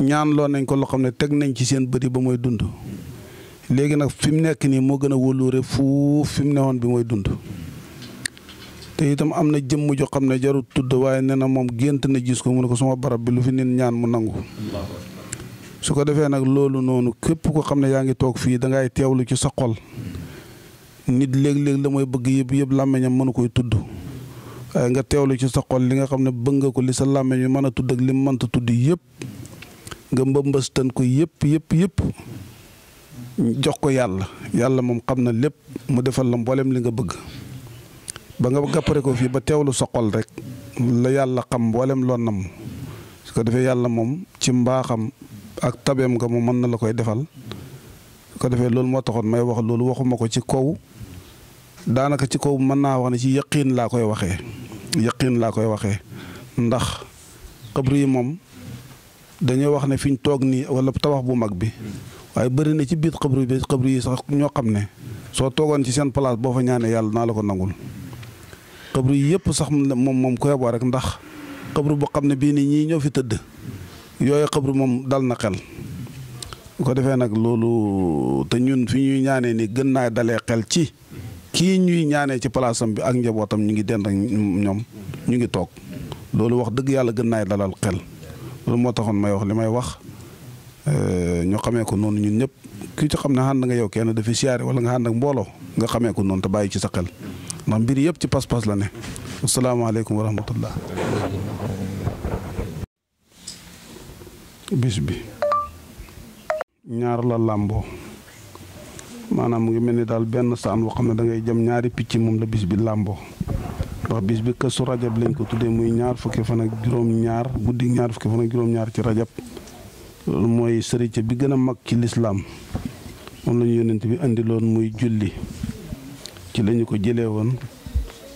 ñaan loo nañ ko loo xam ne teg nañ ci seen bëri ba mooy dund léegi nag fi mu nekk nii moo gën a wóoluure fuuf fi mu newoon bi mooy dund te itam am na jëmm joo xam ne jarut tudd waaye nee na moom gént na gis ko mu ne ko suma barab bi lu fi nit ñaan mu nangu su ko defee nag loolu noonu képp ko xam ne yaa ngi toog fii dangay teewlu ci sa xol nit léeg-léeg la mooy bëgg yëpp yëpp làmmeñam mënu koy tudd waaye nga teewlu ci sa xol li nga xam ne bëgg nga ko li sa làmmiñ bi mën a tudd ak li mënta tudd yëpp nga mbëmbëstan ko yëpp yëpp yëpp jox ko yàlla yàlla moom xam na lépp mu defal la mboolem li nga bëgg ba nga gàppare ko fii ba teew lu xol rek la yàlla xam mboolem loo nam su ko defee yàlla moom ci mbaaxam ak tabeem nga mu mën na la koy defal su ko defee loolu moo taxoon may wax loolu waxuma ko ci kaw daanaka ci kaw mën naa wax ne ci yëqiin laa koy waxee yëqiin laa koy waxee ndax xabru yi moom dañu wax ne fiñ tok ni wala tawax bu mag bi waaye bëri na ci biit qabru bi qabru yi sax ño xamne so togon ci sen place bo fa ñane yalla na la ko nangul qabru yi yëpp sax mom mom ko yeboo rek ndax qabru bu xamne bi ni ñi ño fi teud yoy qabru mom dal na xel ko defé nak lolu te ñun fi ñuy ñane ni gën naa dalee xel ci ki ñuy ñane ci am bi ak njabotam ñi ngi dend ak ñoom ñu ngi tok lolu wax deug yalla gën dalal xel lu mo taxon may wax limay wax euh ñu xamé ko nonu ñun ñep ki ci xamna hand nga yow kenn def siyaare wala nga hand ak mbolo nga xamé ko non ta bayyi ci sa xel ndax mbir yep ci pass pass la ne. alaykum wa rahmatullah. bis bi. ñaar la lambo manam mu ngi melni dal ben saan boo xamna da ngay jëm ñaari picci moom la bis bi lambo wax bis bi këstu rajab lañ ko tuddee muy ñaar fukki fanak ak juróom-ñaar guddi ñaar fukki fan ak juróom-ñaar ci rajab loolu mooy sëriñ bi gën a mag ci lislaam moom la ñu yónnent bi indiloon muy julli ci lañu ko jëlee woon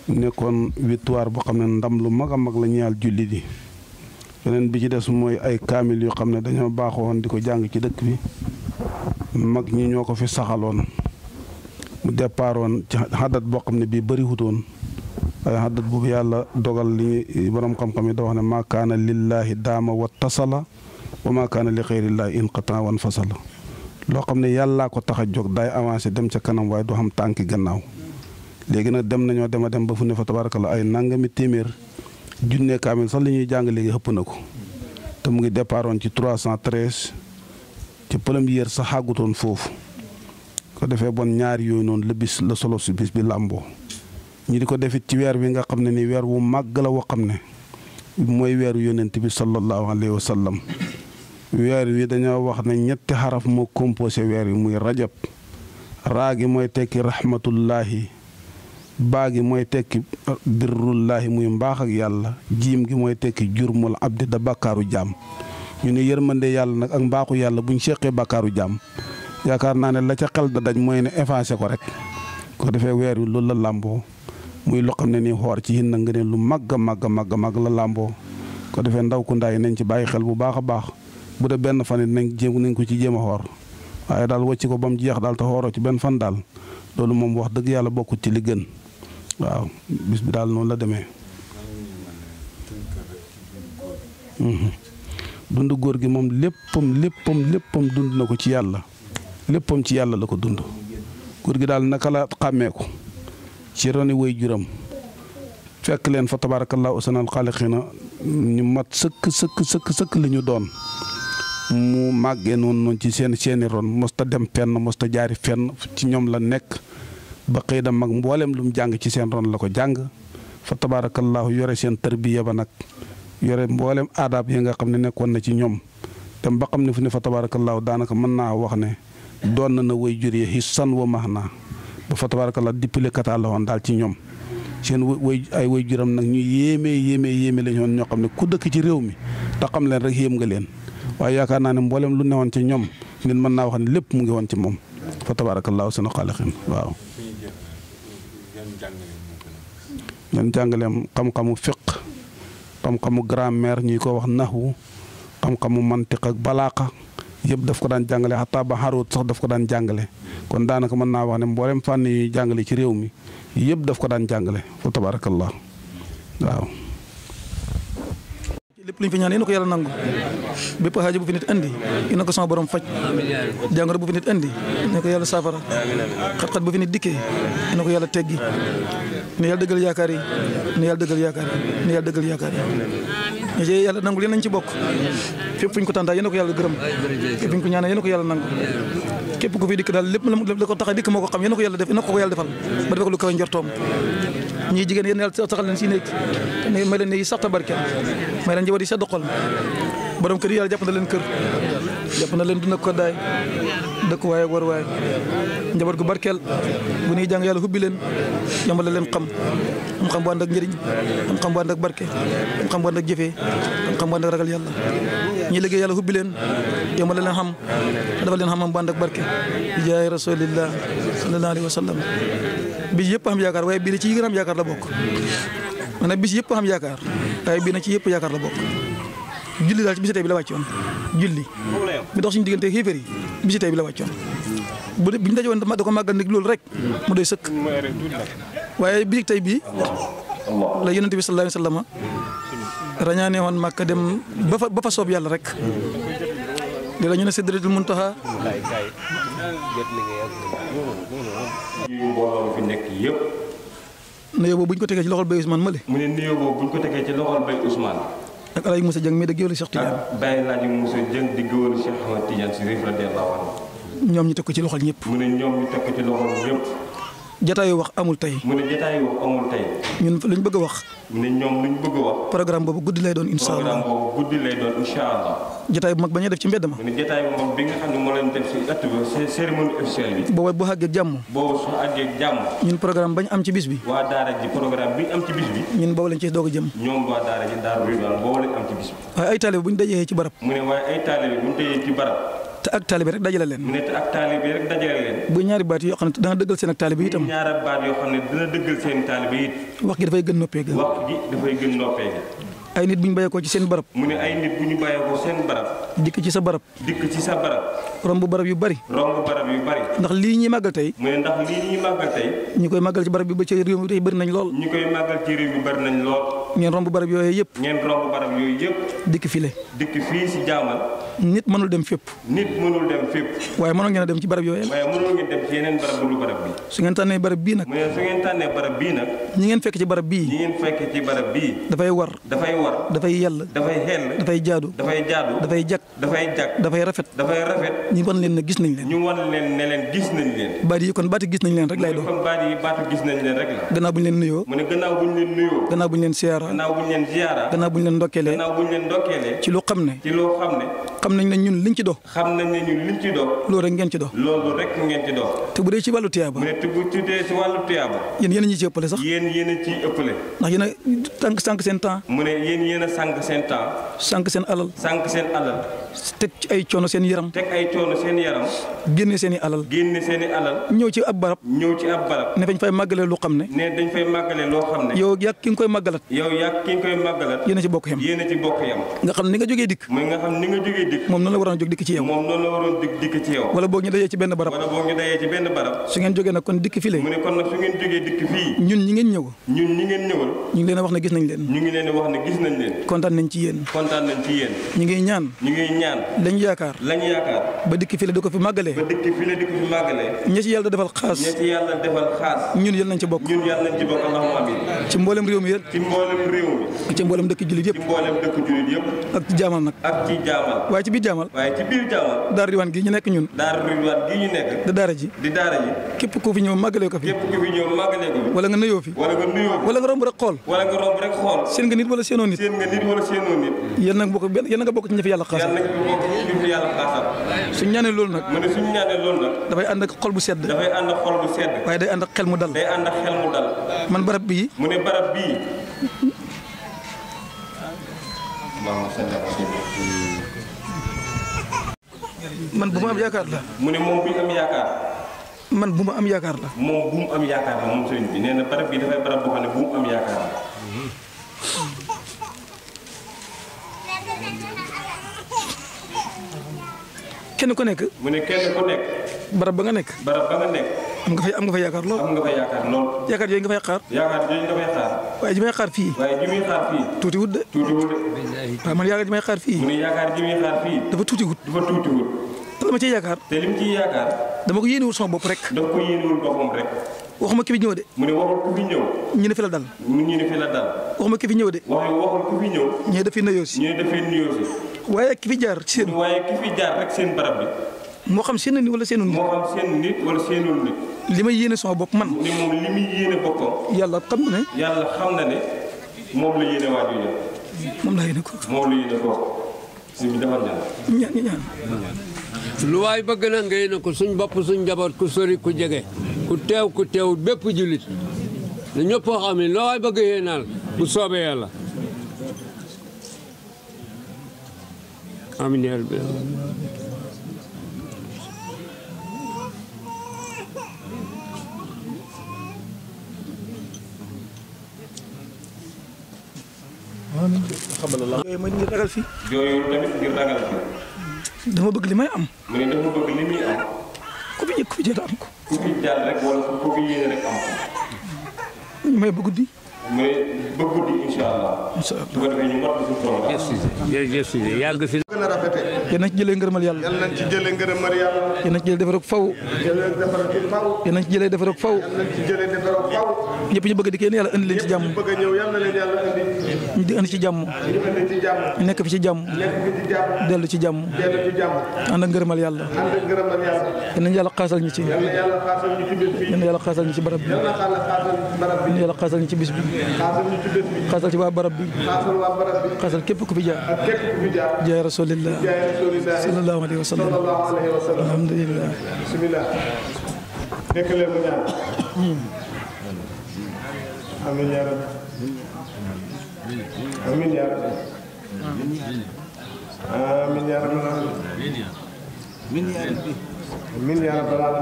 nekkoon victoire boo xam ne ndam lu mag a mag la ñaal julli di beneen bi ci des mooy ay kaamil yoo xam ne dañoo baaxoon di ko jàng ci dëkk bi mag ñi ñoo ko fi saxaloon mu départoon ci xadat boo xam ne bii bëri wutoon xaddat boobu yàlla dogal li borom xam-xam yi da wax ne maa kaana lillaahi daama wa tasala wa maa kaana li xayrillaahi inqata wan fasala loo xam ne yàllaa ko tax a jóg daay avancé dem ca kanam waaye du xam tànki gannaaw léegi nag dem nañoo dem a dem ba fu ne fa tabaarakalla ay nangami téeméer junne kaamil sax li ñuy jàng léegi xëpp na ko te mu ngi départoon ci 313 ci première sa xàggutoon foofu ko defee bon ñaari yooyu noonu la bis la solo si bis bi làmboo ñu di ko defit ci weer bi nga xam ne ni weer wu màgg la woo xam ne mooy weeru yonent bi sallallahu alayhi wa sallam weer wi dañoo wax na ñetti xaraf moo composé weer yi muy rajab raa gi mooy tekki rahmatullahi baa gi mooy tekki birrullahi muy mbaax ak yàlla jiim gi mooy tekki jurmul abdi da bakkaaru jaam ñu ne yërmande yàlla nag ak mbaaxu yàlla bu ñu seqee bàkkaaru jaam yaakaar naa ne la ca xel da daj mooy ne effacé ko rek ko defee weer wi loolu la làmboo muy loo xam ne nii xoor ci hin na nga ne lu màgg a màgg a màgg la làmboo ko defee ndaw ku ndaay nañ ci bàyyi xel bu baax a baax bu dee benn fan it nañ nañ ko ci jéem a xoor waaye daal wàcc ko bam jeex daal te xooroo ci benn fan daal loolu moom wax dëgg yàlla bokkut ci li gën waaw bis bi daal noonu la demee. Mhm. dund góor gi moom léppam léppam dund na ko ci yàlla léppam ci yàlla la ko dund góor gi daal naka la xàmmee ko ci roni way juram fekk leen fa tabaarakallaahu ahsanal xaaliqiina ñu mat sëkk sëkk sëkk sëkk li doon mu màggee noonu noonu ci seen seeni ron mosta dem fenn mosta jaari fenn ci ñoom la nekk ba xëy da mag mbooleem lu mu jàng ci seen ron la ko jàng fa tabaarakallaahu yore seen tarbiya ba nag yore mbooleem aadaab yi nga xam ne nekkoon na ci ñoom dem ba xam ne fu ne fa tabaarakallaahu daanaka mën naa wax ne doon na na way jur yi hisan wa max naa ba fa tabarakallah dippile kataa la daal ci ñoom seen way ay woy juram nag ñu yéemee yéemee yéeme lañ woon ñoo xam ne ku dëkk ci réew mi te xam leen rek yéem nga leen waaye yaakaar naa ne mboolem lu ne newoon ci ñoom nit mën naa wax ne lépp mu ngi woon ci moom fa tabarakallah sunu xaalixin waaw ñoom jàngaleem xam-xamu fiq xam-xamu grammaire ñi ko wax naxwu xam-xamu mantiq ak balaaka yeb daf ko dan jangale hatta ba xarut sax daf ko dan jangale kon danaka man na wax ne mboolem fanni jangale ci rew mi yeb daf ko dan jangale fa tabarakallah waaw. lepp lu fi ñaan yéen ko nangu bepp xaaja bu fi nit andi yéen ko sama borom faj jangoro bu fi nit andi yéen ko xat-xat bu fi nit dikke yéen ko teggi ne yalla dëggal yaakar yi ne yalla yaakar yi ne ñu jëyee yàlla nangu leen nañ ci bokk fépp fu ko tàntaa yéen a ko yàlla gërëm fépp fu ñu ko ñaanee yéen a ko yàlla nangu képp ku dikk daal lépp la ko tax a dikk moo ko xam yéen a ko yàlla def yéen a ko yàlla defal ba defee ko lu kawe njortoom ñii jigéen yéen yàlla saxal leen si nekk may leen ne yi sax tabarkeel may leen njaboot kër yi yàlla leen kër jàpp na leen dund ko daay dëkk waaye war waay njaboot gu barkeel bu ñuy jàng yàlla hubbi leen yombal leen xam xam-xam bu ànd ak njëriñ xam-xam bu ànd barke xam-xam bu ànd ak jëfee xam-xam bu ragal yàlla ñi liggéey yàlla hubbi leen yombal leen xam dafa leen xam-xam bu ànd ak barke di jaay rasulillah sallallahu alayhi wa sallam bis yëpp am yaakaar waaye bii ci yi gën a yaakaar la bokk maanaam bis yëpp am yaakaar waaye bii na ci yëpp yaakaar la bokk julli dal ci bisitay bi la waccion julli mi dox suñu digënté xéeféer yi bi la waccion buñu bi da ko màggal nag rek mu doy sëkk waye bi tay bi la yonente bi sallallahu alayhi wasallam rañaane won makka dem ba fa ba fa soob yalla rek di la ñu ne sidratul muntaha fi nekk buñ ko tege ci loxol bay Ousmane Male mune ne nuyoo buñ ko tege ci loxol bay Ousmane ak El Hadj Moussa Dieng mii da géwélu Cheikh Tidiane. ak Baye El Hadj Moussa Dieng ñoom ñu teg ko ci loxol ñëpp. mu ne ñoom ñu teg ko ci loxol ñëpp. jataayu wax amul tey. mu ne jataayu wax amul tey. ñun fa luñ bëgg a wax. mu ne ñoom luñ bëgg a wax. programme boobu guddi lay doon incha allah programme boobu guddi lay doon jotaay bu mag ba ñuy def ci mbedd ma. mu ne jotaay bu mag bi nga xam ne moo leen def ci ëtt bi cérémonie officielle bi. booba bu àggee jàmm. boobu su àggee jàmm. ñun programme bañ am ci bis bi. waa daara ji programme bi ñu am ci bis bi. ñun boobu lañ ci doog a jëm. ñoom waa daara ji daara bi waaye ay taalibe bu ñu dajee ci barab. mu ne waaye ay taalibe bu ñu dajee te ak taalibe rek dajale leen. mu ne te ak taalibe rek dajale leen. bu ñaari baat yoo xam ne dana dëggal seen ak taalibe itam. ñaari baat yoo xam ne dana dëggal seen taalibe it. wax gi dafay gën noppee gi. wax gi dafay gën noppee ay nit bu ñu bàyyeekoo ci seen barab. mu ne ay nit bu dikk ci sa barab. dikk ci sa barab. rombu barab yu bari rombu barab yu bari ndax li ñi magal tay mu ne ndax li ñi magal tay ñu koy magal ci barab yu ba ci réew mi tey bari nañ lool ñu koy ci rew yu bari nañ lool ñen rombu barab yoy yep ñen rombu barab dikk le dikk fi si jaamal nit mënul dem fep nit mënul dem fep waye mënul ngeen dem ci barab yoy waye mënul ngeen dem ci yenen barab lu barab bi su ngeen tané barab bi nak su ngeen tané barab bi nak ñi ngeen fekk ci barab bi ñi ngeen fekk ci barab da fay war fay war fay yell hel da fay jaadu fay jaadu fay jak fay jak fay rafet fay rafet ñu wan leen ne gis nañ leen. ñu wan leen ne gis nañ leen. baat yi kon baatu gis nañ leen rek lay doon. kon baat yi gis nañ leen rek la. gannaaw bu ñu leen nuyoo. mu ne gannaaw bu ñu leen nuyoo. gannaaw bu ñu leen ziyaara. bu ñu leen ziyaara. gannaaw leen ndokkeelee. gannaaw bu ñu ci lu xam ne. ci lu xam ne. xam nañ ne ñun liñ ci dox. xam nañ ne ñun liñ ci dox. loolu rek ngeen ci dox. loolu rek ngeen ci dox. te wàllu tiyaaba. mu ne te ci a ñu ci ëppale sax. yéen yéen a ëppale. ndax yéen a sànq sànq seen temps. mu ne yéen yéen a sànq seen temps. ci ay coono seen yaram. génne seen i alal. génne seen i alal. ñëw ci ab barab. ñëw ci ab barab. ne dañ fay loo xam ne. ne dañ fay màggale loo xam ne. yow yàgg ki nga koy màggalat. yow yàgg ki nga koy màggalat. yéen a ci bokk yam. a ci nga xam ni ni nga jógee dikk. dikk moom noonu la waroon jóg dikk ci yow moom noonu la waroon dikk dikk ci yow wala boog ñu dajee ci benn barab wala boog ñu dajee ci benn barab su ngeen jógee nag kon dikk fii la mu ne kon nag su ngeen jógee dikk fii ñun ñi ngeen ñëw ñun ñi ngeen ñëwal ñu ngi leen wax ne gis nañ leen ñu ngi leen wax ne gis nañ leen kontaan nañ ci yéen kontaan nañ ci yéen ñu ngi ñaan ñu ngi ñaan lañ yaakaar lañ yaakaar ba dikk fii la di fi màggalee ba dikk fii la di fi màggalee ña ci yàlla defal xaas ña ci yàlla defal xaas ñun yal nañ ci bokk ñun yal nañ ci bokk allahumma amin ci mboolem réew mi yépp ci mboolem réew mi ci mboolem dëkk jullit yépp ci mboolem dëkk jullit yépp ak ci jaamal nag ak ci jaamal ci biir jamal way ci biir jamal dar diwaan gi ñu nek ñun dar diwaan gi ñu nek di dara ji di dara ji kep ku fi ñew magale ko fi kep ku fi ñew magale ko wala nga nuyoo fi wala nga nuyoo wala nga romb rek xol wala nga romb rek xol seen nga nit wala seenoo nit seen nga nit wala seenoo nit yeen nak bokk yeen nga bokk ci ñef yalla xassal yalla nga bokk ci ñëfi yàlla xaasal suñu ñane lool nak mu ne suñ ak xol bu sedd fay and ak xol bu sedd way day and ak xel mu dal day and ak xel mu dal man barab bi mune barab bi Allahumma salli ala man bu ma am yaakaar la. mu ne moom bu man bu ma am yaakaar la. moom mu am yaakaar la moom sëriñ bi nee na barab bi dafay barab boo bu am yaakaar la. kenn ku nekk. mu ne kenn ku nekk. barab ba nekk. barab ba nga nekk. am nga fay am nga fay yaakaar lool. am nga fay yaakaar lool. yaakaar yooyu nga fay xaar. yaakaar yooyu nga fay xaar. waaye ji may xaar fii. waaye ji may xaar fii. tuuti wut de. tuuti wut de. waaw man yaakaar ji may xaar fii. mu ne yaakaar ji may xaar fii. dafa tuuti wut. dafa tuuti wut. te dama ciy yaakaar. te lim ciy yaakaar. dama ko yéene wul sama bopp rek. dama ko yéene wul boppam rek. waxuma ki fi ñëw de. mu ne waxul ku fi ñëw. ñu ne fi la dal. ñu ne fi la dal. waxuma ki fi ñëw de. wax waxul ku fi ñëw. ñee dafay nuyoo si. ñee dafay nuyoo si. waaye ki fi jaar ci seen. waaye ki fi jaar rek seen barab bi moo xam seen nit ni seenu nit. moo xam seen nit wala seenu li may yéene sama bopp man. ni moom li muy yéene boppam. moom la yéene waajur ko. lu waay bëgg na nga yéene suñ bopp suñ njaboot ku sori ku jege. ku teew ku teew bépp jullit. ne ñëpp xam ne loo waay bëgg yéenaal bu soobe yàlla. alhamdulilah. yooyu mooy ngir ragal fii. yooyu tamit ngir ragal fii. dama bëgg li may am. mu ne dama bëgg li muy am. ku fi jë ku fi jël am ko. ku fi jàll rek wala ku fi yéene rek am ko. ñu may bëgg di. mu ne bëgg di incha allah. incha allah bu ko defee ñu mot ko suñu programme. yàgg si yal ci jëlé ngërëmal yalla yalla nañ ci jëlé ngërëmal yalla yal ci jëlee defarug faw yal ci jëlee defarug faw ñëpp ñu bëgg di kenn yàlla indi leen ci jàmm ñu di indi ci jàmm nekk fi ci jamm delu ci jàmm ànd ak ngërëmal ngeureumal yalla nañ yalla xassal ñu ci yal na yàlla ñu ci barab bi yal na yàlla ñu ci bis bi xaasal ci wa barab bi xassal képp ku fi jaar jaay rasulillah rasulillah sallallahu alayhi wa sallam alhamdulillah bismillah nekk leen mu ñaan amin yaa rabbi amin yaa rabbi amin yaa rabbi amin yaa rabbi amin yaa rabbi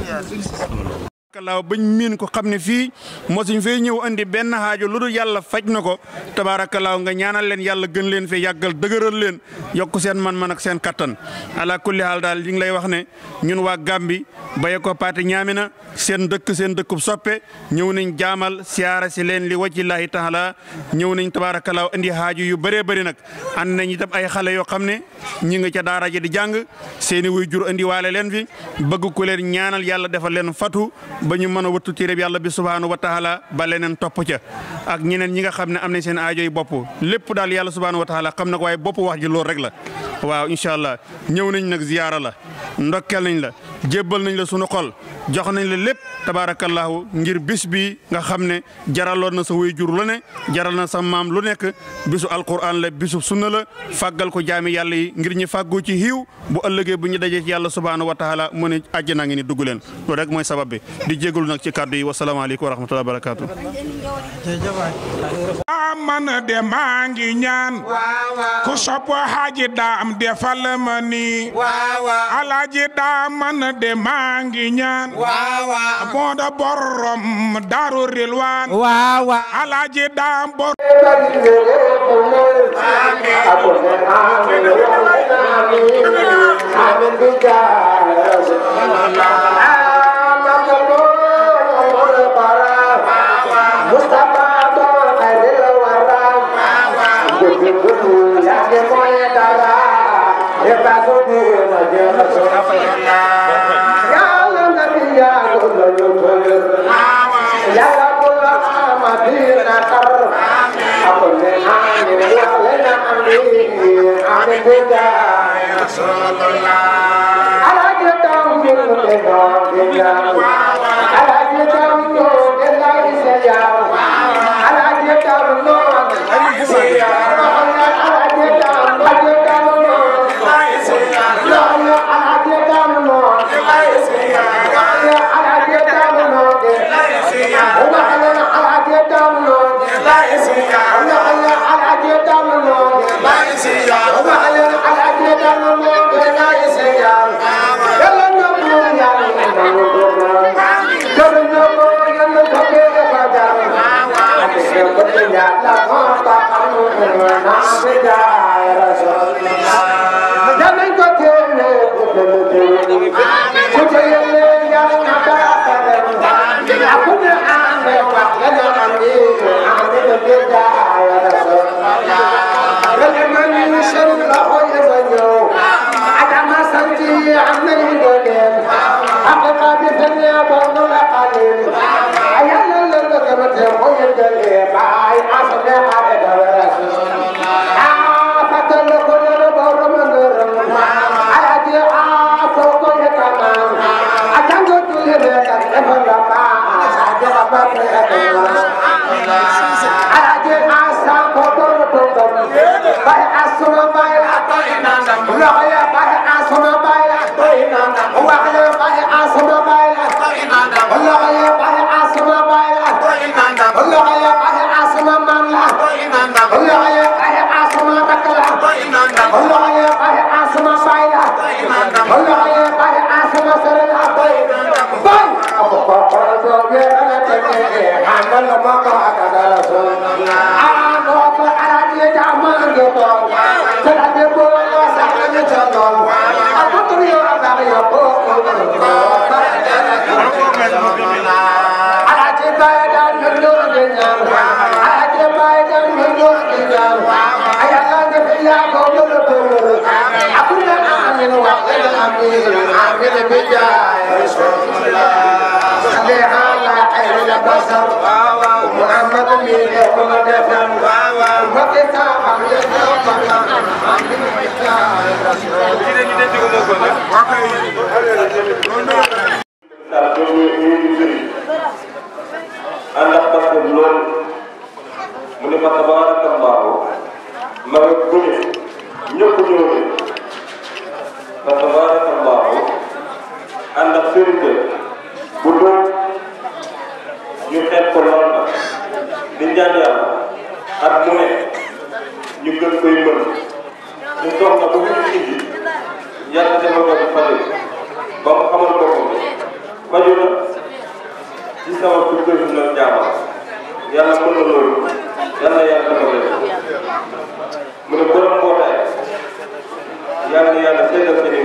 amin yaa rabbi kalaaw bañ miin ko xam ne fii mosuñ fee ñëw andi benn xaajo lu dul yàlla faj na ko tabaarakalaaw nga ñaanal leen yàlla gën leen fi yàggal dëgëral leen yokk seen man-man ak seen kattan ala kulli haal daal li ngi lay wax ne ñun waa Gàmbi baye ko paate ñaami na seen dëkk seen dëkkub soppe ñëw nañ jaamal siyaara si leen li wajillaahi taala ñëw nañ tabaarakalaaw andi xaajo yu bëree bëri nag and nañ itam ay xale yoo xam ne ñi nga ca daara ji di jàng seeni wuy jur andi leen fi bëgg ku leen ñaanal yàlla defal leen fatu ba ñu mën a wattu téereb yàlla bi subhaanahu wa taala ba leneen topp ca ak ñeneen ñi nga xam ne am nañ seen aajo yi bopp lépp daal yàlla subhaanahu wa taala xam na ko waaye bopp wax ji loolu rek la waaw incha allah ñëw nañ nag ziyaara la ndokkeel nañ la jébbal nañ la sunu xol jox nañ la lépp tabaarakallaahu ngir bis bi nga xam ne jaraloon na sa waajur lu ne jaral na sa maam lu nekk bisu al alquran la bisu sunna la fàggal ko jaami yàlla yi ngir ñu fàggoo ci hiiw bu ëllëgee bu ñu dajee ci yàlla subhaanahu wa taala mu ne àjjana ngi ni dugg leen loolu rek mooy sabab bi di jégalu nag ci kàddu yi wasalaamaaleykum wa rahmatulah barakaatu. man de maa ngi ñaan. ku de maa ngi ñaan waawa moo borom daru rilwaan waawa alaaji daam bor البداية رسول الله على جدام في الإمام على جدام Amen. Wax la bàyyi asama bàyyi. Wax la bàyyi asama. Thank you. آمن وقل الأمير آمن بجاه رسول الله صلي على خير البشر محمد مين يقوم دفن وقتا أمن وقل آمن بجاه رسول الله ànd ak parce que loolu mu ne ma tabaarakallahu ma nga gëm ñëpp ñëw fa tabarakallahu ànd ak sëriñ bu doon ñu xeeb ko lool nag di ñaan yàlla ak mu ne ñu gën koy mën ñu toog na bu ñu indi yàlla defal ko fajal ba mu xamal ko ko faju na ci sama bu gën na jaamal yàlla mën na loolu yàlla yàlla defal mu ne borom ko ma seetal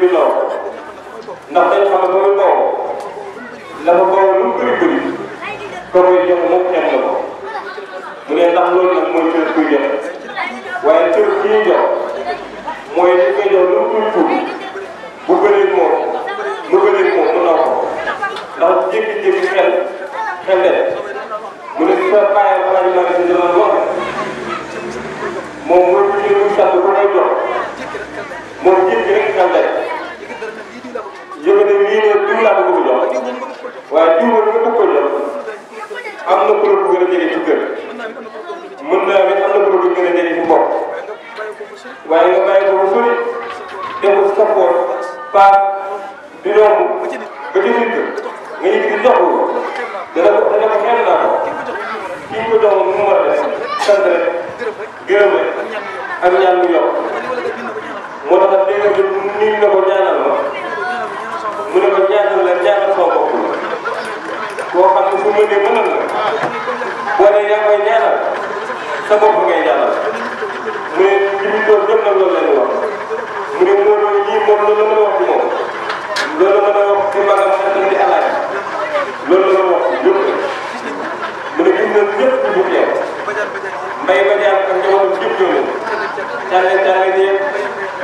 bindoo ndax dañ xam ne boobu boobu la ko boobu lu mu bëri bëri ko koy jox mu ne ndax loolu nag mooy cër kuy jox waaye cër bi ñuy mooy li koy jox lu muy tuuti bu bëri moom lu bëri moom mu naw ko ndax jékki-jékki xel xel mu ne su fekkee bàyyi jënd lii ne diw laa bëgg ko jox waaye diw boobu nga bëgg ko jox am na kuréel bu gën a jege ci kër mën naa ne am na kuréel bu gën a jege ci bopp waaye nga bàyyi ko bu sori def ko sa bopp paas di yomb ba ci nit nga ñu di jox ko dana ko dana ko xel naa ko kii ko jox moom mu war a def sant rek gërëm rek ak ñaan mu yokk moo tax nag léegi nii nga ko ñaanal ma. mu ne ma ñaanal la ñaanal sama bopp la koo xam ne fu mu ne mënal la boo nee yaa koy ñaanal sa bopp ngay ñaanal mu ne li mu doon jëm nag loolu la ñu wax mu ne moo doon ñii moom loolu la mën a wax ci moom loolu mën a wax ci magam xetam di alaaj loolu la mën a wax ci ñëpp mu ne gis na ñëpp bu yeew mbay ba jaar ak njabootam jëpp ñoo leen càlle càlle ñeeg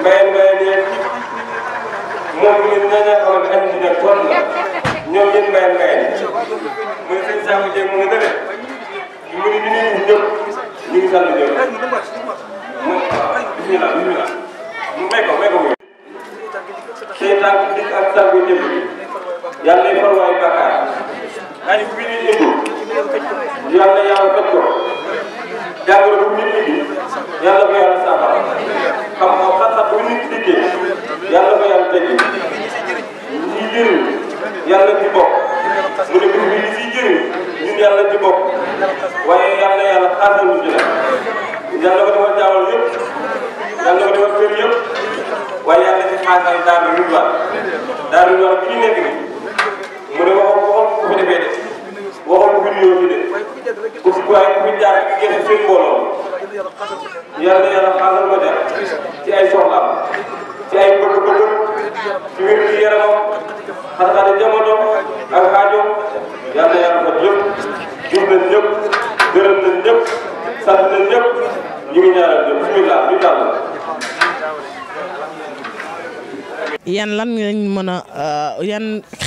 mbayal mbayal ñeeg moom ñun ñoo ñoo xamal ne andi nag bon la ñoom yéen mbay mbay muy sëñ Sakho Dieng mu ngi dëgg mu ngi ñu ngi ñu ngi sant ñëpp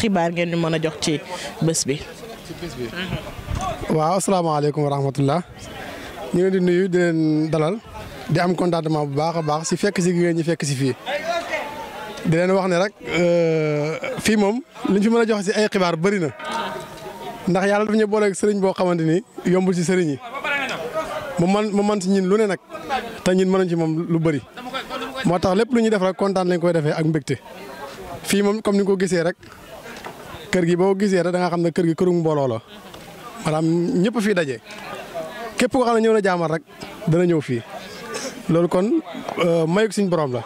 xibaar ngeen ñu mën a jox ci bés bi. waaw asalaamaaleykum wa rahmatullah ñu ngi di nuyu di leen dalal di am contentement bu baax a baax si fekk si ngeen ñi fekk si fii. di leen wax ne rek euh, fii moom liñ fi mën a jox si ay xibaar bari na ndax yàlla daf ñu booleeg sëriñ boo xamante ni yombul si sëriñ yi mu man mu man si ñun lu ne nag te ñun mënuñ ci moom lu bari moo tax lépp lu ñuy def rek kontaan lañ koy defee ak mbégte fii moom comme ni ko gisee rek kër gi boo gisee rek da xam ne kër gi këru mbooloo la maanaam ñëpp fi daje képp koo xam ne ñëw na jaamal rek dana ñëw fii loolu kon euh, mayuk suñ boroom la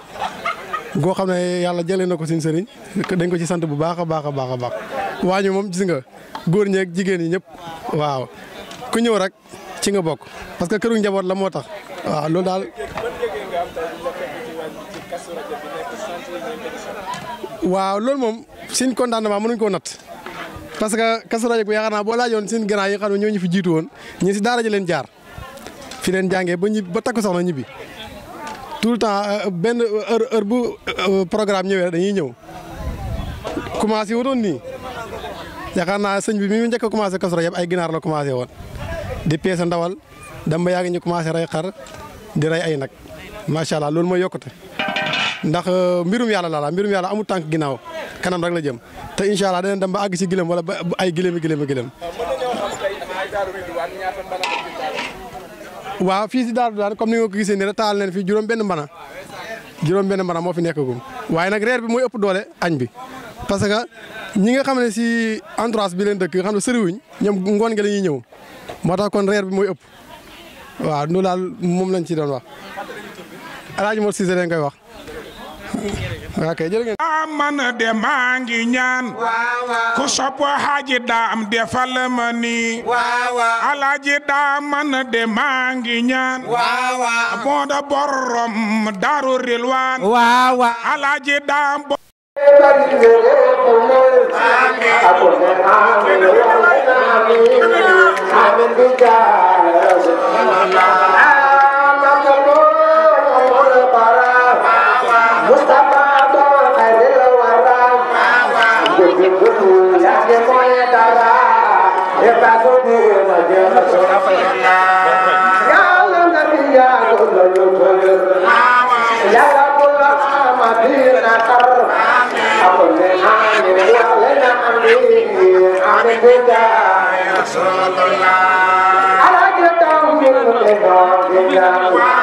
goo xam ne yàlla jëlee na ko suñ sëriñ dañ ko ci sant bu baax a baax a baax a baax waañu moom gis nga góor ñeek jigéen ñi ñëpp waaw ku ñëw rek ci nga bokk parce que këru njaboot la moo tax waaw loolu daal waaw loolu moom suñ contentement mënuñ koo natt parce que Kazu Rajab bi yaakaar boo laajoon suñ grand yi nga xam ñoo ñu fi jiitu woon ñu si daara ji leen jaar fi leen jàngee ba ñibbi ba takku sax na ñibbi tout le temps euh, benn heure heure bu euh, programme ñëwee dañuy ñëw commencé wutoon nii yaakaar naa sëñ bi mi mu njëkk a commencé Kazu Rajab ay ginaar la commencé woon di peese ndawal dem yaa ngi ñu commencé rey xar di rey ay nag macha allah loolu mooy yokkute. ndax euh, mbirum yàlla lala mbirum yàlla amul tànk ginnaaw kanam rek la jëm te incha allah danañ dem ba àgg si gilem wala ba ay gilem gilem gilem. waaw fii si Darou Daane comme ni nga ko gisee nii taal leen fi juróom-benn mbana juróom-benn mbana moo fi nekkagum waaye nag reer bi mooy ëpp doole añ bi. parce que ñi nga xam ne si entourage bi leen dëkk nga xam ne sëriwuñ ñoom ngoon gi la ñuy ñëw moo tax kon reer bi mooy ëpp waaw nu daal moom lañ ci doon wax El Hadj Mor wax. waa kay jërë ngeen aman de maa ngi ñaan ku sopp xaaji daam defal ma nii alaaji daaman de maa ngi ñaan moo da borom daaru rilwaan alaaji daam bo Yeah.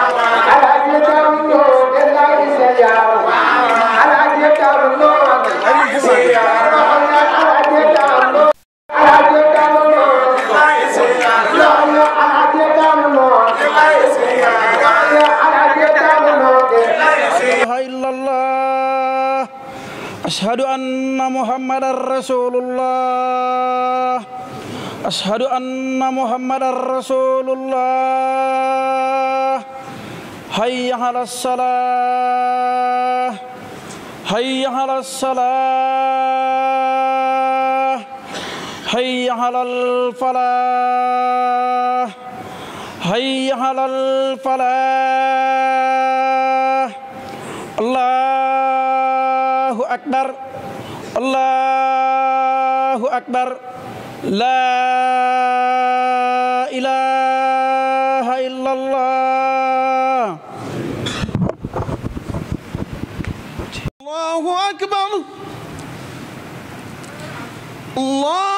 محمد رسول الله أشهد أن محمد رسول الله حي على الصلاة حي على الصلاة حي على الفلاح حي على الفلاح الله أكبر الله أكبر لا إله إلا الله الله أكبر الله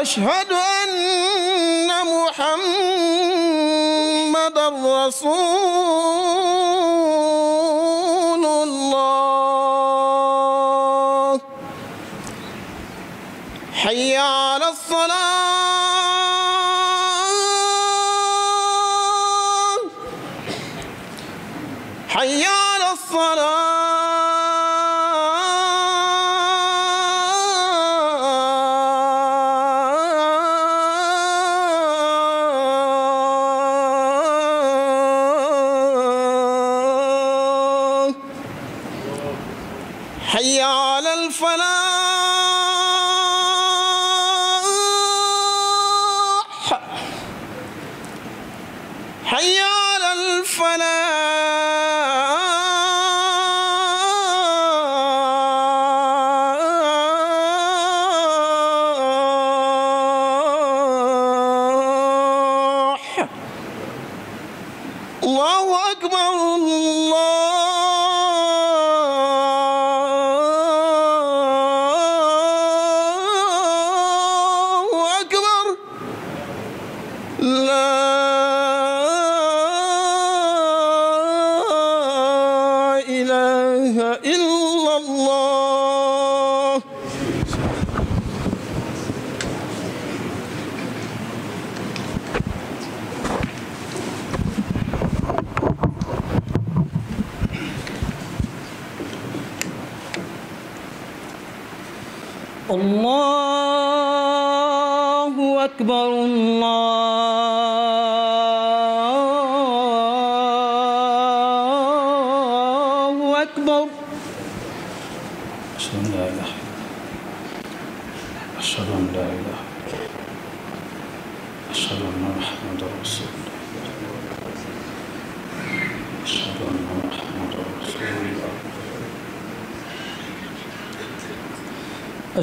أشهد أن محمد رسول الله أكبر الله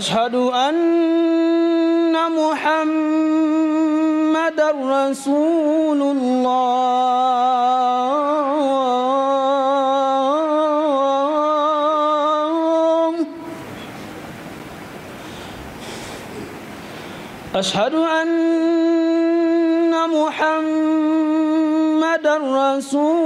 أشهد ان محمد رسول الله اشهد ان محمد رسول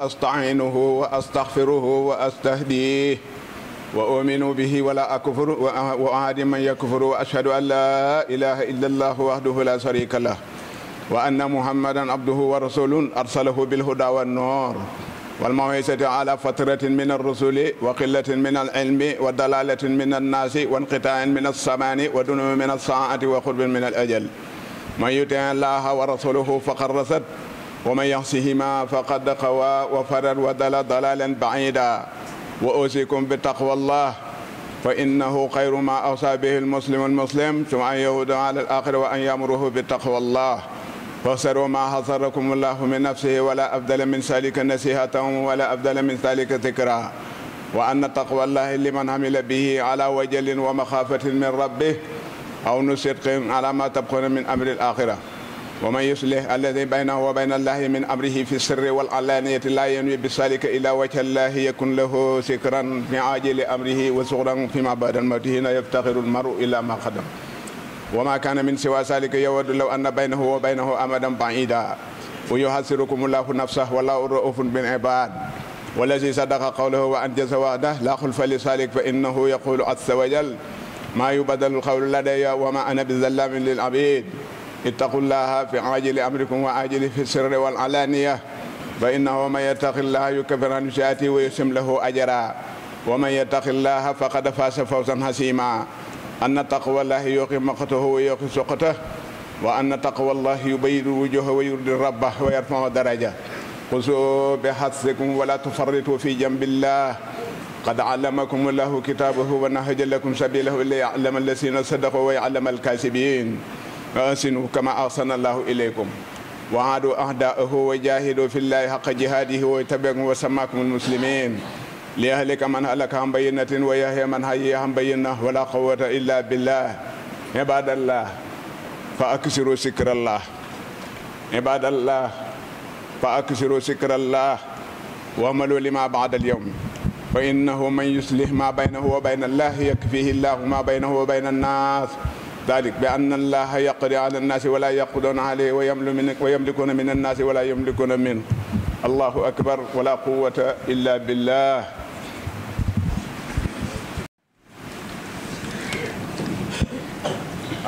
واستعينه واستغفره واستهديه وأؤمن به ولا أكفر واعادي من يكفر وأشهد أن لا إله إلا الله وحده لا شريك له وأن محمدا عبده ورسول أرسله بالهدى والنور والموعظة على فترة من الرسل وقلة من العلم ودلالة من الناس وانقطاع من السمان ودنو من الساعة وقرب من الأجل من يطع الله ورسوله فقد ومن يحصيهما فقد قوى وفرر ودل ضلالا بعيدا وأوصيكم بتقوى الله فإنه خير ما أوصى به المسلم المسلم ثم أن يهود على الآخر وأن يأمره بتقوى الله فاخسروا ما حصركم الله من نفسه ولا أبدل من ذلك نسيهة ولا أبدل من ذلك ذكرا وأن تقوى الله لمن عمل به على وجل ومخافة من ربه أو نصدق على ما تبقون من أمر الآخرة ومن يصلح الذي بينه وبين الله من أمره في السر والعلانية لا ينوي بذلك إلى وجه الله يكن له سكرا في عاجل أمره وسغرا فيما بعد الموت هنا يفتخر المرء إلى ما قدم وما كان من سوى ذلك يود لو أن بينه وبينه أمدا بعيدا ويحسركم الله نفسه والله رؤوف بالعباد والذي صدق قوله وأنجز وعده لا خلف لسالك فإنه يقول عز وجل ما يبدل القول لدي وما أنا بظلام للعبيد اتقوا الله في عاجل أمركم وعاجل في السر والعلانية فإنه من يتق الله يكفر عن شاته ويسم له أجرا ومن يتق الله فقد فاز فوزا هسيما أن تقوى الله يوقي مقته ويوقي سقطه وأن تقوى الله يبيد وجهه ويرد ربه ويرفع درجة خذوا بحثكم ولا تفرطوا في جنب الله قد علمكم الله كتابه ونهج لكم سبيله ليعلم الذين صدقوا ويعلم الكاسبين أحسنوا كما أرسلنا الله إليكم وعادوا أهداءه وجاهدوا في الله حق جهاده ويتبعوا وسماكم المسلمين ليهلك من هلك عن بينة ويهي من حي عن بينة ولا قوة إلا بالله عباد الله فأكسروا سكر الله عباد الله فأكسروا سكر الله وعملوا لما بعد اليوم فإنه من يصلح ما بينه وبين الله يكفيه الله ما بينه وبين الناس ذلك بأن الله يقضي على الناس ولا يقضون عليه ويملكون من الناس ولا يملكون منه الله أكبر ولا قوة إلا بالله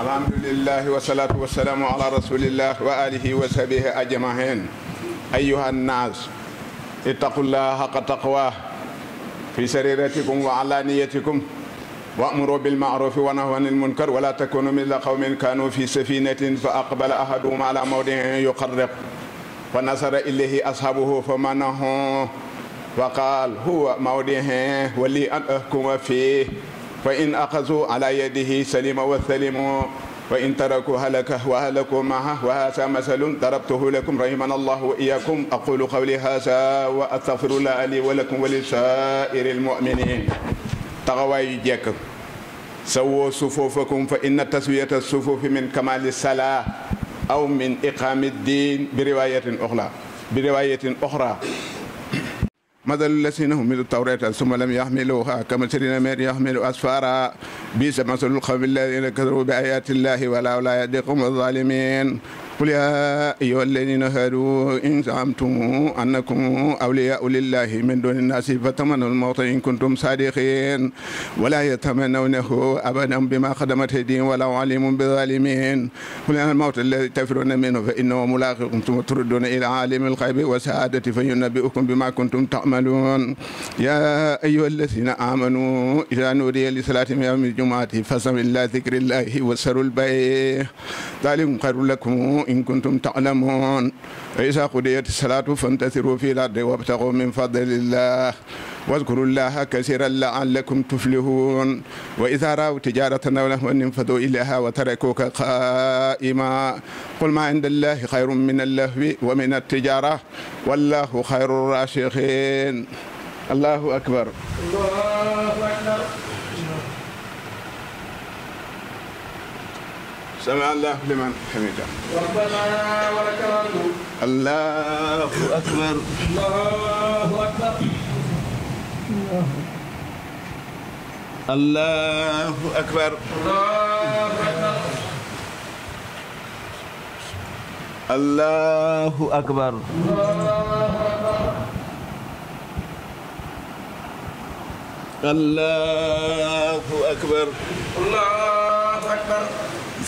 الحمد لله والصلاة والسلام على رسول الله وآله وصحبه أجمعين أيها الناس اتقوا الله حق تقواه في سريرتكم وعلانيتكم وأمروا بالمعروف ونهوا عن المنكر ولا تكونوا مثل قوم كانوا في سفينة فأقبل أحدهم على موضع يقرق فنظر إليه أصحابه فمنعه وقال هو موضع ولي أن أحكم فيه فإن أخذوا على يده سلم وسلموا وإن تركوا هلكه وهلكوا معه وهذا مثل ضربته لكم رحمنا الله وإياكم أقول قولي هذا وأستغفر الله لي ولكم ولسائر المؤمنين تغواي جيك سو صفوفكم فان تسويه الصفوف من كمال الصلاه او من اقام الدين بروايه اخرى بروايه اخرى مثل الذين هم التوراة ثم لم يحملوها كمثل نمر يحمل أسفارا بيس مثل القوم الذين كذبوا بآيات الله ولا ولا يدقهم الظالمين قل يا أيها الذين هادوا إن زعمتم أنكم أولياء لله من دون الناس فتمنوا الموت إن كنتم صادقين ولا يتمنونه أبدا بما قدمت أيديهم ولا عليم بظالمين قل أن الموت الذي تفرون منه فإنه ملاقكم ثم تردون إلى عالم الغيب والسعادة فينبئكم بما كنتم تعملون يا أيها الذين آمنوا إذا نودي لصلاة يوم الجمعة فسمعوا الله ذكر الله وسروا البيع ذلك خير لكم إن كنتم تعلمون إذا قضيت الصلاة فانتثروا في الأرض وابتغوا من فضل الله واذكروا الله كثيرا لعلكم تفلحون وإذا رأوا تجارة أو لهوا انفضوا إليها وتركوك قائما قل ما عند الله خير من اللهو ومن التجارة والله خير الراشقين الله أكبر الله أكبر سمع الله لمن حمده ربنا ولك الحمد الله اكبر الله اكبر الله اكبر الله اكبر الله اكبر الله اكبر الله اكبر الله اكبر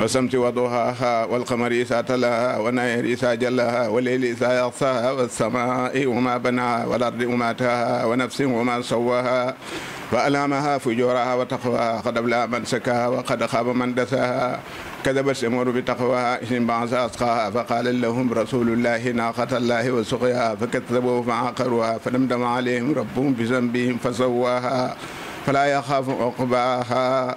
وسمت وضوهاها والقمر إذا تلاها والنهر إذا جلاها والليل إذا يغشاها والسماء وما بناها والأرض وما تاها ونفس وما سواها فألامها فجورها وتقواها قد أبلى من سكاها وقد خاب من دساها كذب الشمور بتقواها إن بعث أسقاها فقال لهم رسول الله ناقة الله وسقياها فكذبوا فعقروها فلمدم عليهم ربهم بذنبهم فسواها فلا يخاف عقباها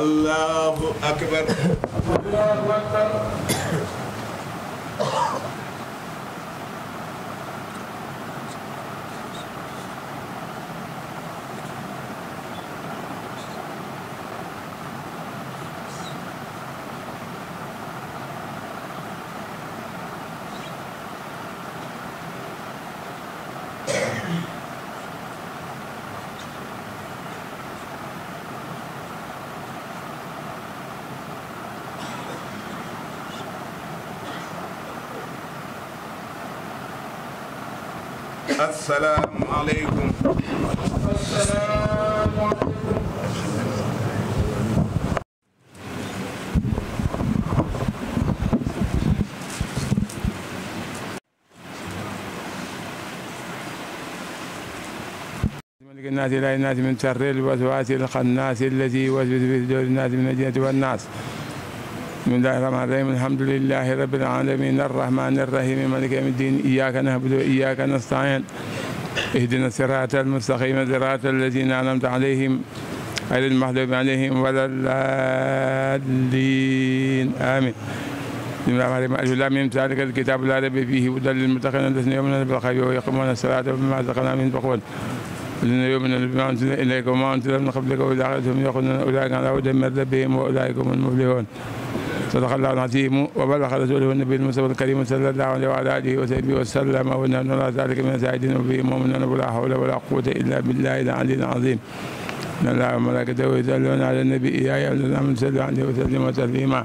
الله أكبر الله أكبر السلام عليكم السلام عليكم الناس لا الناس من شر الوسواس الخناس الذي يوسوس في الناس من الجنة والناس بسم الله الرحمن الرحيم الحمد لله رب العالمين الرحمن الرحيم مالك يوم الدين إياك نعبد وإياك نستعين اهدنا الصراط المستقيم صراط الذين أنعمت عليهم غير المغضوب عليهم ولا الضالين آمين بسم الله الرحمن الرحيم لام ذلك الكتاب لا ريب فيه هدى للمتقين الذين يؤمنون بالخير ويقيمون الصلاة بما رزقنا من ينفقون الذين يؤمنون بما أنزل اليكم وما أنزل من قبلكم واذا آخرهم يقولون أولئك على هدى من ربهم وأولئك هم المفلحون صدق الله العظيم وبلغ رسوله النبي المصطفى الكريم صلى الله عليه وعلى اله وصحبه وسلم وان نرى ذلك من الشاهدين وبهم ومن ولا حول ولا قوه الا بالله العلي العظيم ان الله وملائكته يصلون على النبي يا ايها الذين امنوا صلوا عليه وسلم تسليما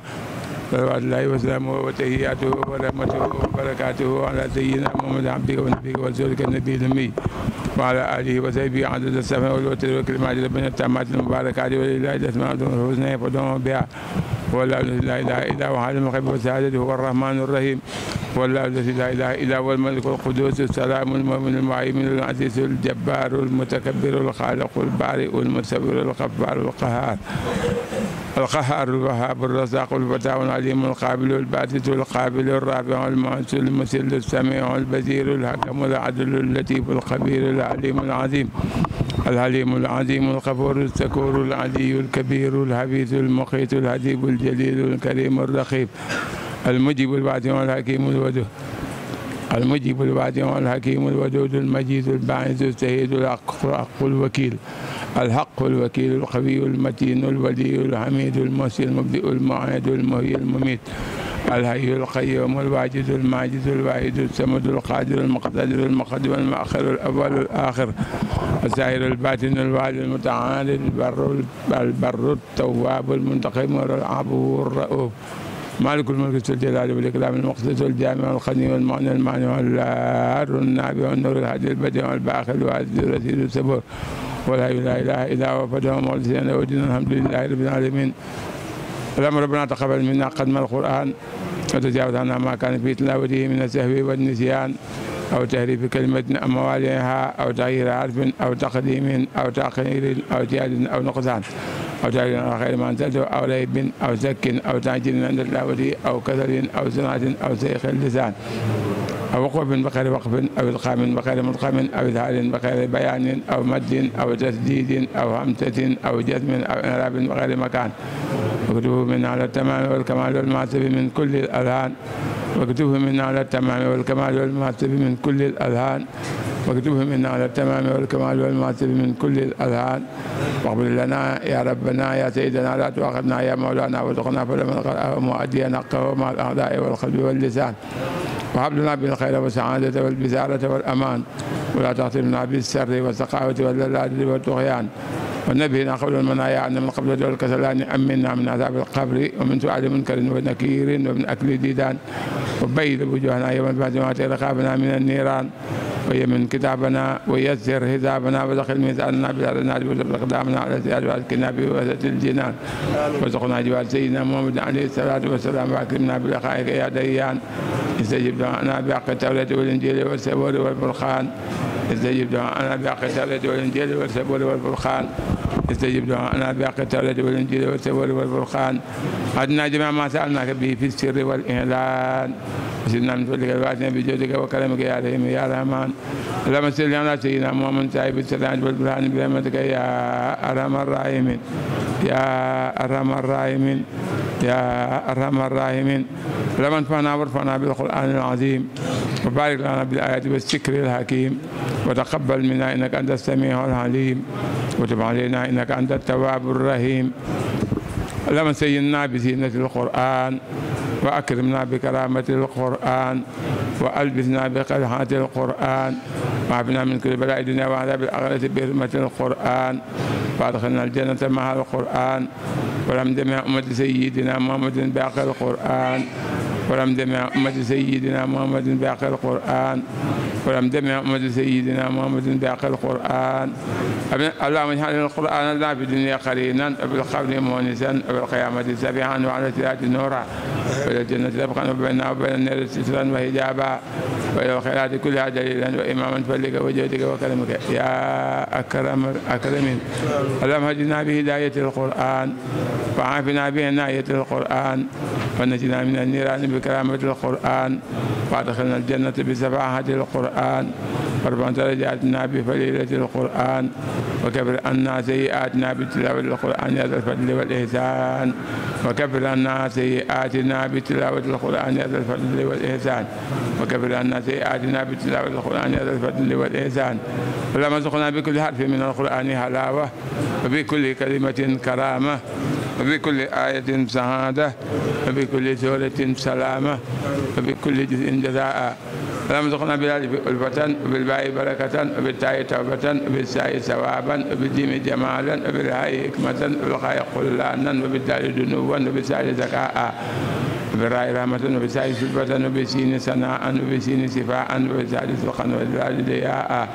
صلوات الله وسلامه وتهياته ورحمته وبركاته على سيدنا محمد عبده ونبيه ورسولك النبي الامي وعلى اله وصحبه عدد السماء والوتر والكلمات ربنا التامات المباركات ولله الاسماء الحسنى فدعوه بها والله لا اله الا هو عالم الغيب والشهاده هو الرحمن الرحيم والله الذي لا اله الا هو الملك القدوس السلام المؤمن المعين العزيز الجبار المتكبر الخالق البارئ المصور الغفار القهار القهار الوهاب الرزاق الفتاة العليم القابل الباسط القابل الرافع المعز المسل السميع البزير الحكم العدل اللطيف الخبير العليم العظيم العليم العظيم القفور الذكور العلي الكبير الحبيث المقيت الهديب الجليل الكريم الرقيب المجيب البعث والحكيم الودود المجيب البعث والحكيم الودود المجيد الباعث السيد الحق الوكيل الحق الوكيل القوي المتين الولي الحميد المحسن المبدئ المعاد المهي المميت الحي القيوم الواجد الماجد الواحد السمد القادر المقتدر المقدم المؤخر الاول الاخر الزاهر الباطن الوالد المتعالي البر البر التواب المنتقم العبور الرؤوف مالك الملك ذو الجلال والاكرام المقدس الجامع الخني والمعنى المعنى والار النابع والنور الهادي البديع والباخر الوالد الرشيد الصبور ولا اله الا هو فدهم والسنه الحمد لله رب العالمين اللهم ربنا تقبل منا قدم القران وتجاوز عنها ما كان في تناوله من السهو والنسيان أو تهريب كلمة أو مواليها أو تغيير عرف أو تقديم أو تأخير أو زيادة أو نقصان أو تغيير غير ما أنزلته أو ريب أو زك أو تعجيل عند تلاوته أو كسر أو صنعة أو سيخ اللسان أو وقوف بغير وقف أو إلقام بغير ملقم أو إذهال بغير بيان أو مد أو تسديد أو همسة أو جزم أو إنراب بغير مكان واكتبه منا على التمام والكمال والمعتب من كل الأذهان واكتبه منا على التمام والكمال والمعتب من كل الأذهان واكتبه منا على التمام والكمال والمعتب من كل الأذهان واقبل لنا يا ربنا يا سيدنا لا تؤاخذنا يا مولانا وارزقنا فلما مؤديا نقه مع الأعداء والقلب واللسان وهب لنا بالخير والسعادة والبزارة والأمان ولا تغفر بالسر والسقاوة واللذاذ والطغيان والنبي قول المنايا عنا من قبل دول الكسلان أمنا من عذاب القبر ومن سؤال منكر ونكير ومن أكل ديدان وبيض وجوهنا يوم ما رقابنا من النيران ويمن كتابنا ويسر هزابنا ودخل ميزاننا بلادنا وزر اقدامنا على سياد الكناب وزت الجنان وزقنا جوال سيدنا محمد عليه الصلاه والسلام واكرمنا بلقائك يا ديان استجب لنا بحق التوراه والانجيل والسبور والفرقان استجب دعاءنا بحق التوحيد والإنجيل والسبول والفرقان استجب دعاءنا بحق التوحيد والإنجيل والسبول والفرقان أدنا جميع ما سألناك به في السر والإعلان وسيدنا من فضلك الواسع بجودك وكرمك يا رحيم يا رحمن اللهم صل على سيدنا محمد صاحب السلام والبرهان برحمتك يا أرحم الراحمين يا أرحم الراحمين يا أرحم الراحمين لما انفعنا وارفعنا بالقرآن العظيم وبارك لنا بالآيات والذكر الحكيم وتقبل منا إنك أنت السميع العليم وتب علينا إنك أنت التواب الرحيم لمن سيدنا بزينة القرآن وأكرمنا بكرامة القرآن وألبسنا بقرحة القرآن وعفنا من كل بلاء الدنيا وعلى الآخرة بحرمة القرآن وأدخلنا الجنة مع القرآن ولم جميع أمة سيدنا محمد بآخر القرآن فلم دمع أمة سيدنا محمد باقي القرآن فلم دمع أمة سيدنا محمد باقي القرآن اللهم اجعل القرآن لا في الدنيا قرينا وفي القبر مونسا وفي القيامة سبحا وعلى سيئات نورا وإلى الجنة سبقا وبيننا وبين النار سترا وهجابا وإلى الخيرات كلها دليلا وإماما فلك وجودك وكلمك يا أكرم الأكرمين اللهم هدنا بهداية القرآن وعافنا بهناية القرآن ونجنا من النيران بكرامة القرآن وأدخلنا الجنة بسفاحة القرآن وارفع درجاتنا بفليلة القرآن وكفر عنا سيئاتنا بتلاوة القرآن يا ذا الفضل والإحسان وكفر عنا سيئاتنا بتلاوة القرآن يا ذا الفضل والإحسان وكفر عنا سيئاتنا بتلاوة القرآن يا ذا الفضل والإحسان ولما زقنا بكل حرف من القرآن حلاوة وبكل كلمة كرامة وبكل آية سعادة وبكل سورة سلامة وبكل جزء جزاء اللهم ارزقنا بالالف ألفة وبالباء بركة وبالتاء توبة وبالساء ثوابا وبالجيم جمالا وبالهاء حكمة وبالخاء قلانا وبالدال دنوا وبالساء زكاء براي سنا براء رحمة وبساء سلبة وبسين سناء وبسين سفاء وبساء سفقا وبساء ضياء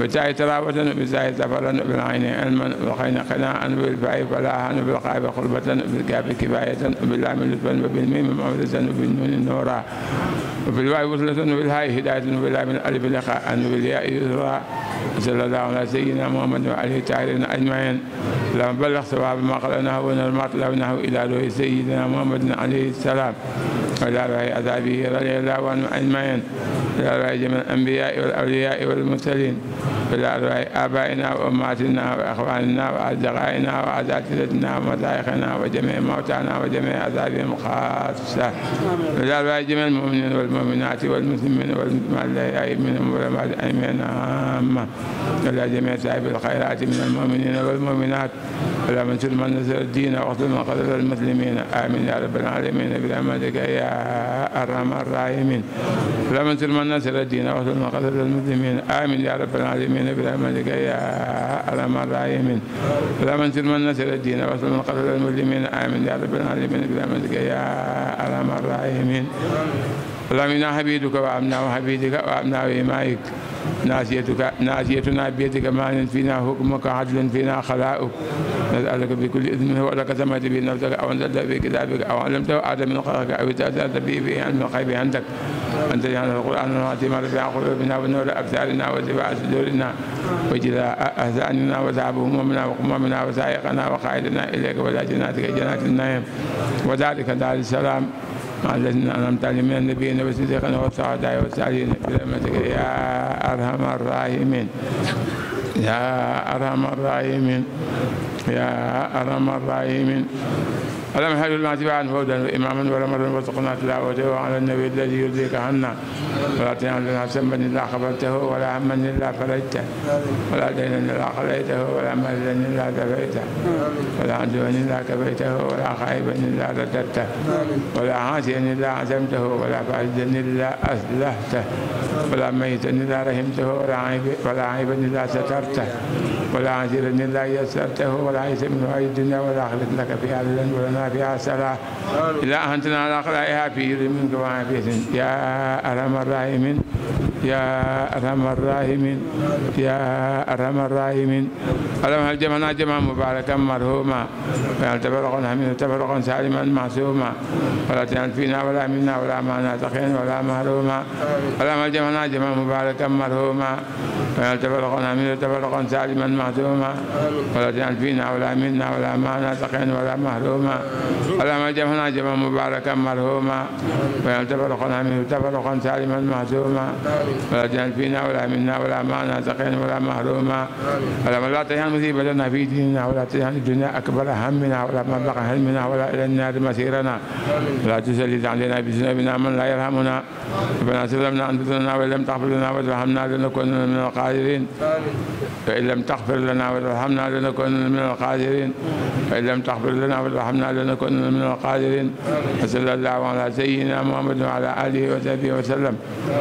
وبساء تراوة وبساء سفرا وبالعين علما وبالخين قناعا وبالفاء فلاحا وبالقاف خلبة وبالكاف كفاية وباللام لطفا وبالميم مؤنسا النورا نورا وبالواو وصلة وبالهاء هداية وباللام الألف لقاء وبالياء يسرا صلى الله على سيدنا محمد وعليه تعالينا أجمعين لما بلغ ثواب ما قلناه ونرمط لونه إلى روح سيدنا محمد عليه السلام العذاب ولا رأي عذابه رضي الله عنهم أجمعين وعلى رأي جميع الأنبياء والأولياء والمرسلين ولا رأي آبائنا وأمهاتنا وإخواننا وأصدقائنا وأساتذتنا ومشايخنا وجميع موتانا وجميع عذابهم خاصة ولا رأي جميع المؤمنين والمؤمنات والمسلمين والمؤمنين والمؤمنين عامة ولا جميع صاحب الخيرات من المؤمنين والمؤمنات ولا من سلم نصر الدين واقتل من قتل المسلمين آمين يا رب العالمين بأمدك يا أرحم الراحمين لمن تلمن ناصر الدين واهدل مقصد المسلمين آمين يا رب العالمين برحمتك يا أرحم الراحمين لمن تلمن ناصر الدين واهدل مقصد المسلمين آمين يا رب العالمين برحمتك يا أرحم الراحمين لمن حبيبك وأبناء حبيبك وأبناء إمائك ناجيتك ناجيتنا بيتك ما فينا حكمك عدل فينا خلاؤك نسألك بكل إذن هو لك سميت به نفسك أو أنزلت في كتابك أو علمته أحد من خلقك أو استأثرت به في علم الغيب عندك أن تجعل القرآن العظيم ربيع قلوبنا ونور أبصارنا وشفاء صدورنا وجلاء أحزاننا وذهاب همومنا وقمومنا وسائقنا وقائدنا إليك ولا جناتك جنات النعيم وذلك دار السلام الذين أنعمت عليهم من النبيين والصديقين والسعداء والسعيدين برحمتك يا أرحم الراحمين يا أرحم الراحمين يا أرحم الراحمين اللهم حبب ما تبعا هدى اماما ورمدا وارزقنا تلاوته وعلى النبي الذي يرضيك عنا ولا تنعم لنا سما الا خبرته ولا عما الا فرجته ولا دينا الا خليته ولا مالا الا دفيته ولا عدوا الا كفيته ولا خائبا الا رددته ولا عاسيا الا عزمته ولا فاسدا الا اصلحته ولا ميتا الا رحمته ولا عيبا الا سترته ولا عاجلا الا ان يسالته ولا عيس منه اي الدنيا والاخره لك فيها لن ولنا فيها سلام الا انتنا على اخلاقها في منك وعافيه يا ارحم الراحمين يا أرحم الراحمين يا أرحم الراحمين اللهم هل جمعنا جمعا مباركا مرحوما وهل تفرقنا حميدا تفرقا سالما معصوما ولا تنال فينا ولا منا ولا معنا تقيا ولا مهروما اللهم هل جمعنا جمعا مباركا مرحوما وهل تفرقنا حميدا تفرقا سالما معصوما ولا تنال فينا ولا منا ولا معنا تقيا ولا مهروما اللهم هل جمعنا جمعا مباركا مرحوما وهل تفرقنا حميدا تفرقا سالما معصوما ولا تجعل فينا ولا منا ولا معنا سقينا ولا محروما ولا لا تجعل مصيبتنا في ديننا ولا تجعل الدنيا أكبر همنا ولا مبلغ همنا ولا إلى النار مسيرنا ولا تسلط علينا بذنوبنا من لا يرحمنا ربنا سلمنا أن أنفسنا وإن لم تغفر لنا وترحمنا لنكون من القادرين فإن لم تغفر لنا وترحمنا لنكون من القادرين فإن لم تغفر لنا وترحمنا لنكون من القادرين وصلى الله على سيدنا محمد وعلى آله وصحبه وسلم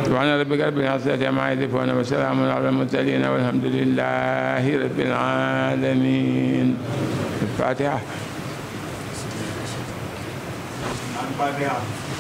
سبحان ربك رب بناصية جماعة دفون وسلام على المرسلين والحمد لله رب العالمين الفاتحة الفاتحة